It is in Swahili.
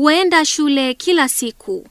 Huenda shule kila siku.